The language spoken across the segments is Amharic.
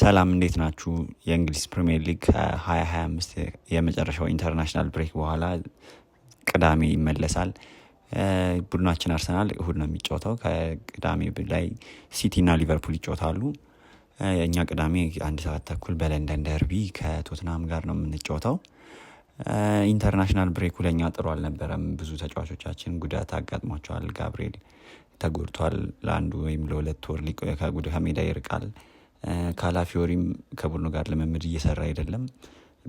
ሰላም እንዴት ናችሁ? የእንግሊዝ ፕሪምየር ሊግ ከ2025 የመጨረሻው ኢንተርናሽናል ብሬክ በኋላ ቅዳሜ ይመለሳል። ቡድናችን አርሰናል እሁድ ነው የሚጫወተው። ከቅዳሜ ላይ ሲቲ እና ሊቨርፑል ይጫወታሉ። እኛ ቅዳሜ አንድ ሰዓት ተኩል በለንደን ደርቢ ከቶትናም ጋር ነው የምንጫወተው። ኢንተርናሽናል ብሬኩ ለእኛ ጥሩ አልነበረም። ብዙ ተጫዋቾቻችን ጉዳት አጋጥሟቸዋል። ጋብሪኤል ተጎድቷል። ለአንዱ ወይም ለሁለት ወር ከሜዳ ይርቃል። ካላፊዮሪም ከቡድኑ ጋር ልምምድ እየሰራ አይደለም።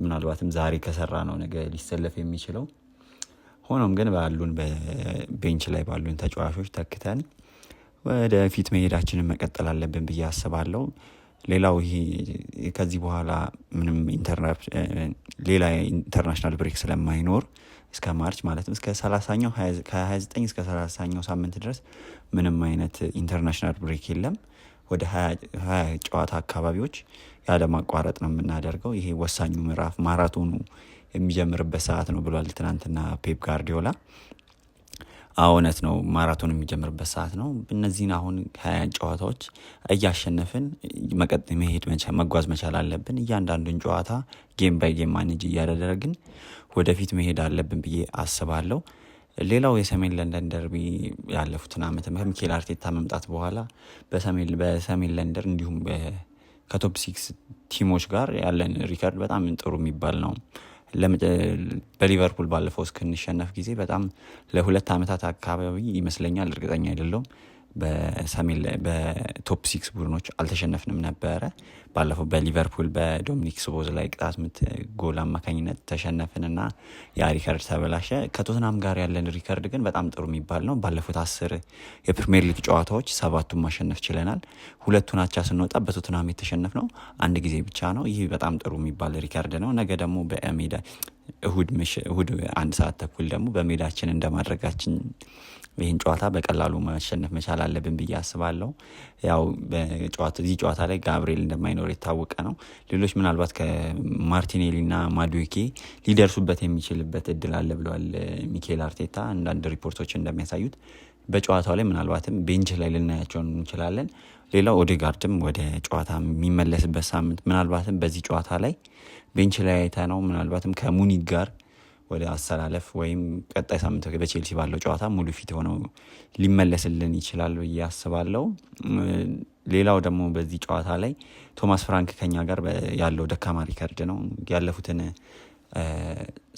ምናልባትም ዛሬ ከሰራ ነው ነገ ሊሰለፍ የሚችለው። ሆኖም ግን ባሉን በቤንች ላይ ባሉን ተጫዋቾች ተክተን ወደፊት መሄዳችንን መቀጠል አለብን ብዬ አስባለሁ። ሌላው ይሄ ከዚህ በኋላ ምንም ሌላ ኢንተርናሽናል ብሬክ ስለማይኖር እስከ ማርች ማለትም እስከ ሰላሳኛው ከሀያ ዘጠኝ እስከ ሰላሳኛው ሳምንት ድረስ ምንም አይነት ኢንተርናሽናል ብሬክ የለም። ወደ ሀያ ጨዋታ አካባቢዎች ያለማቋረጥ ነው የምናደርገው። ይሄ ወሳኙ ምዕራፍ ማራቶኑ የሚጀምርበት ሰዓት ነው ብሏል ትናንትና ፔፕ ጋርዲዮላ። እውነት ነው፣ ማራቶን የሚጀምርበት ሰዓት ነው። እነዚህን አሁን ሀያ ጨዋታዎች እያሸነፍን መሄድ መጓዝ መቻል አለብን። እያንዳንዱን ጨዋታ ጌም ባይ ጌም ማኔጅ እያደረግን ወደፊት መሄድ አለብን ብዬ አስባለሁ። ሌላው የሰሜን ለንደን ደርቢ ያለፉትን ዓመት ሚኬል አርቴታ መምጣት በኋላ በሰሜን ለንደን እንዲሁም ከቶፕ ሲክስ ቲሞች ጋር ያለን ሪከርድ በጣም ጥሩ የሚባል ነው። በሊቨርፑል ባለፈው እስክንሸነፍ ጊዜ በጣም ለሁለት ዓመታት አካባቢ ይመስለኛል፣ እርግጠኛ አይደለውም በሰሜን በቶፕ ሲክስ ቡድኖች አልተሸነፍንም ነበረ። ባለፈው በሊቨርፑል በዶሚኒክ ስቦዝ ላይ ቅጣት ምት ጎል አማካኝነት ተሸነፍንና ያ ሪከርድ ተበላሸ። ከቶትናም ጋር ያለን ሪከርድ ግን በጣም ጥሩ የሚባል ነው። ባለፉት አስር የፕሪሚየር ሊግ ጨዋታዎች ሰባቱን ማሸነፍ ችለናል። ሁለቱን አቻ ስንወጣ በቶትናም የተሸነፍ ነው አንድ ጊዜ ብቻ ነው። ይህ በጣም ጥሩ የሚባል ሪከርድ ነው። ነገ ደግሞ በሜዳ እሁድ አንድ ሰዓት ተኩል ደግሞ በሜዳችን እንደማድረጋችን ይህን ጨዋታ በቀላሉ ማሸነፍ መቻል አለብን ብዬ አስባለሁ። ያው እዚህ ጨዋታ ላይ ጋብርኤል እንደማይኖር የታወቀ ነው። ሌሎች ምናልባት ና ማዱኬ ሊደርሱበት የሚችልበት እድል አለ ብለዋል ሚኬል አርቴታ አንዳንድ ሪፖርቶች እንደሚያሳዩት በጨዋታው ላይ ምናልባትም ቤንች ላይ ልናያቸው እንችላለን። ሌላው ኦዴጋርድም ወደ ጨዋታ የሚመለስበት ሳምንት ምናልባትም በዚህ ጨዋታ ላይ ቤንች ላይ አይታ ነው ምናልባትም ከሙኒክ ጋር ወደ አሰላለፍ ወይም ቀጣይ ሳምንት በቼልሲ ባለው ጨዋታ ሙሉ ፊት ሆነው ሊመለስልን ይችላል ብዬ አስባለሁ። ሌላው ደግሞ በዚህ ጨዋታ ላይ ቶማስ ፍራንክ ከኛ ጋር ያለው ደካማ ሪከርድ ነው ያለፉትን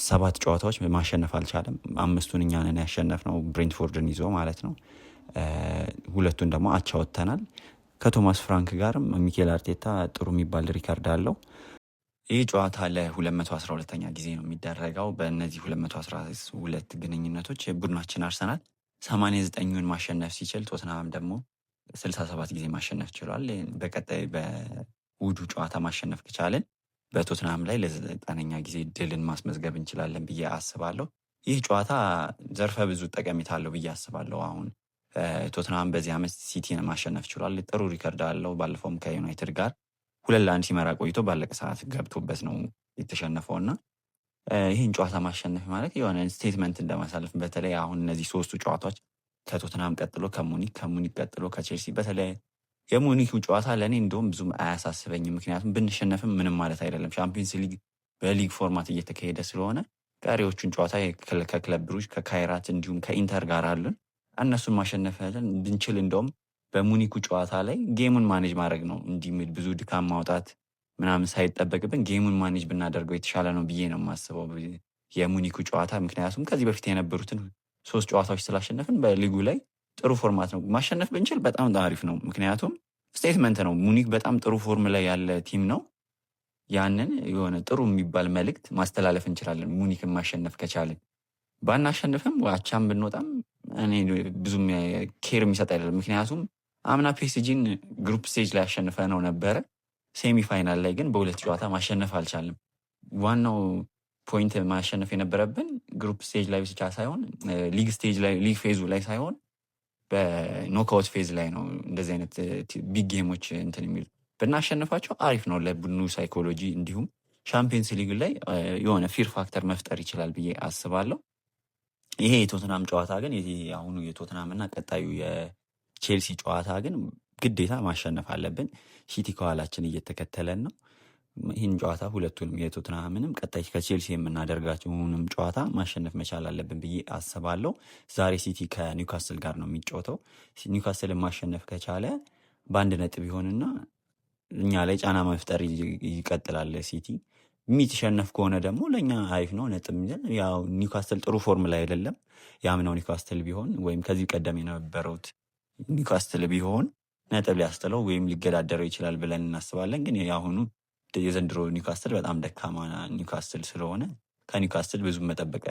ሰባት ጨዋታዎች ማሸነፍ አልቻለም። አምስቱን እኛንን ያሸነፍነው ብሬንትፎርድን ይዞ ማለት ነው። ሁለቱን ደግሞ አቻ ወጥተናል። ከቶማስ ፍራንክ ጋርም ሚኬል አርቴታ ጥሩ የሚባል ሪከርድ አለው። ይህ ጨዋታ ለ212ኛ ጊዜ ነው የሚደረገው። በእነዚህ 212 ግንኙነቶች ቡድናችን አርሰናል 89ን ማሸነፍ ሲችል ቶትናም ደግሞ 67 ጊዜ ማሸነፍ ችሏል። በቀጣይ በውዱ ጨዋታ ማሸነፍ ከቻልን በቶትናም ላይ ለዘጠነኛ ጊዜ ድልን ማስመዝገብ እንችላለን ብዬ አስባለሁ። ይህ ጨዋታ ዘርፈ ብዙ ጠቀሜታ አለው ብዬ አስባለሁ። አሁን ቶትናም በዚህ ዓመት ሲቲን ማሸነፍ ችሏል። ጥሩ ሪከርድ አለው። ባለፈውም ከዩናይትድ ጋር ሁለት ለአንድ ሲመራ ቆይቶ ባለቀ ሰዓት ገብቶበት ነው የተሸነፈው እና ይህን ጨዋታ ማሸነፍ ማለት የሆነ ስቴትመንት እንደማሳለፍ በተለይ አሁን እነዚህ ሶስቱ ጨዋታዎች ከቶትናም ቀጥሎ ከሙኒክ ከሙኒክ ቀጥሎ ከቼልሲ በተለይ የሙኒክ ጨዋታ ለእኔ እንደውም ብዙም አያሳስበኝም። ምክንያቱም ብንሸነፍም ምንም ማለት አይደለም። ሻምፒዮንስ ሊግ በሊግ ፎርማት እየተካሄደ ስለሆነ ቀሪዎቹን ጨዋታ ከክለብ ብሩጅ፣ ከካይራት እንዲሁም ከኢንተር ጋር አሉን። እነሱን ማሸነፍ ብንችል እንደውም በሙኒኩ ጨዋታ ላይ ጌሙን ማኔጅ ማድረግ ነው እንዲህ ብዙ ድካም ማውጣት ምናምን ሳይጠበቅብን ጌሙን ማኔጅ ብናደርገው የተሻለ ነው ብዬ ነው የማስበው የሙኒኩ ጨዋታ። ምክንያቱም ከዚህ በፊት የነበሩትን ሶስት ጨዋታዎች ስላሸነፍን በሊጉ ላይ ጥሩ ፎርማት ነው። ማሸነፍ ብንችል በጣም አሪፍ ነው። ምክንያቱም ስቴትመንት ነው። ሙኒክ በጣም ጥሩ ፎርም ላይ ያለ ቲም ነው። ያንን የሆነ ጥሩ የሚባል መልእክት ማስተላለፍ እንችላለን ሙኒክን ማሸነፍ ከቻልን። ባናሸንፍም አቻም ብንወጣም እኔ ብዙም ኬር የሚሰጥ አይደለም። ምክንያቱም አምና ፔስጂን ግሩፕ ስቴጅ ላይ ያሸንፈ ነው ነበረ። ሴሚፋይናል ላይ ግን በሁለት ጨዋታ ማሸነፍ አልቻልም። ዋናው ፖይንት ማሸነፍ የነበረብን ግሩፕ ስቴጅ ላይ ብቻ ሳይሆን ሊግ ስቴጅ ላይ ሊግ ፌዙ ላይ ሳይሆን በኖክአውት ፌዝ ላይ ነው እንደዚህ አይነት ቢግ ጌሞች እንትን የሚሉ ብናሸንፋቸው አሪፍ ነው ለቡድኑ ሳይኮሎጂ፣ እንዲሁም ሻምፒየንስ ሊግ ላይ የሆነ ፊር ፋክተር መፍጠር ይችላል ብዬ አስባለሁ። ይሄ የቶትናም ጨዋታ ግን አሁኑ የቶትናም እና ቀጣዩ የቼልሲ ጨዋታ ግን ግዴታ ማሸነፍ አለብን። ሲቲ ከኋላችን እየተከተለን ነው። ይህን ጨዋታ ሁለቱንም የቶትናምንም ቀጣይ ከቼልሲ የምናደርጋቸውንም ጨዋታ ማሸነፍ መቻል አለብን ብዬ አስባለሁ። ዛሬ ሲቲ ከኒውካስል ጋር ነው የሚጫወተው። ኒውካስልን ማሸነፍ ከቻለ በአንድ ነጥብ ይሆንና እኛ ላይ ጫና መፍጠር ይቀጥላል ሲቲ የሚትሸነፍ ከሆነ ደግሞ ለእኛ አሪፍ ነው ነጥብ ይዘን ያው ኒውካስል ጥሩ ፎርም ላይ አይደለም። ያምናው ኒውካስትል ቢሆን ወይም ከዚህ ቀደም የነበረውት ኒውካስትል ቢሆን ነጥብ ሊያስጥለው ወይም ሊገዳደረው ይችላል ብለን እናስባለን። ግን የአሁኑ የዘንድሮ ኒውካስትል በጣም ደካማ ኒውካስትል ስለሆነ ከኒውካስትል ብዙ መጠበቅ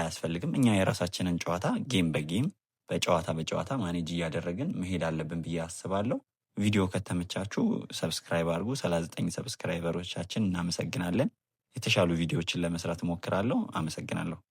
አያስፈልግም። እኛ የራሳችንን ጨዋታ ጌም በጌም በጨዋታ በጨዋታ ማኔጅ እያደረግን መሄድ አለብን ብዬ አስባለሁ። ቪዲዮ ከተመቻችሁ ሰብስክራይብ አድርጉ። ሰላሳ ዘጠኝ ሰብስክራይበሮቻችን እናመሰግናለን። የተሻሉ ቪዲዮዎችን ለመስራት እሞክራለሁ። አመሰግናለሁ።